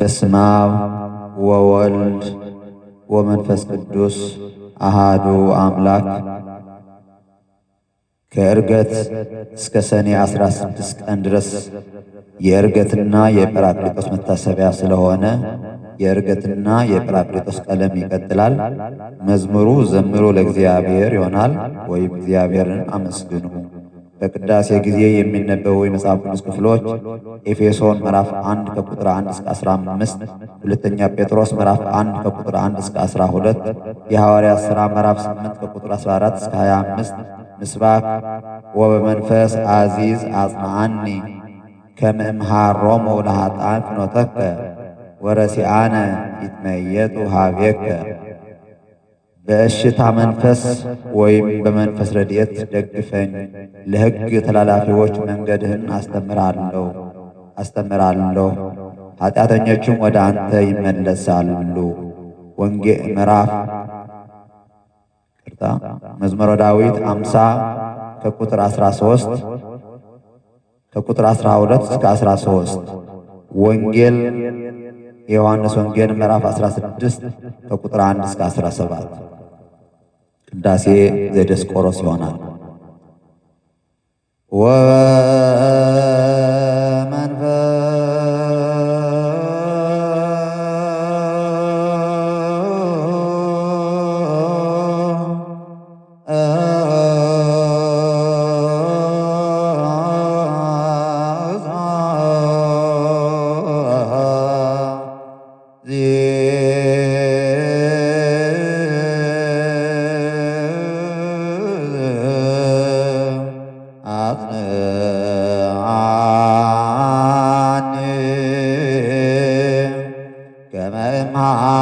በስመ አብ ወወልድ ወመንፈስ ቅዱስ አሃዱ አምላክ። ከእርገት እስከ ሰኔ 16 ቀን ድረስ የእርገትና የጰራቅሊጦስ መታሰቢያ ስለሆነ የእርገትና የጰራቅሊጦስ ቀለም ይቀጥላል። መዝሙሩ ዘምሮ ለእግዚአብሔር ይሆናል፣ ወይም እግዚአብሔርን አመስግኑ በቅዳሴ ጊዜ የሚነበቡ የመጽሐፍ ቅዱስ ክፍሎች ኤፌሶን ምዕራፍ 1 ከቁጥር 1 እስከ 15፣ ሁለተኛ ጴጥሮስ ምዕራፍ 1 ከቁጥር 1 እስከ 12፣ የሐዋርያት ሥራ ምዕራፍ 8 ከቁጥር 14 እስከ 25። ምስባክ ወበመንፈስ አዚዝ አጽናአኒ ከመምሃሮሙ ለኃጥኣን ፍኖተከ ወረሲአነ ይትመየጡ ሃቤከ በእሽታ መንፈስ ወይም በመንፈስ ረድኤት ደግፈኝ። ለሕግ ተላላፊዎች መንገድህን አስተምራለሁ አስተምራለሁ ኃጢአተኞችም ወደ አንተ ይመለሳሉ። ወንጌ ምዕራፍ ቅርታ መዝሙረ ዳዊት 50 ከቁጥር 13 ከቁጥር 12 እስከ 13 ወንጌል የዮሐንስ ወንጌል ምዕራፍ 16 ከቁጥር 1 እስከ 17 ቅዳሴ ዘደስቆሮስ ይሆናል።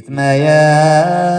ይትመየ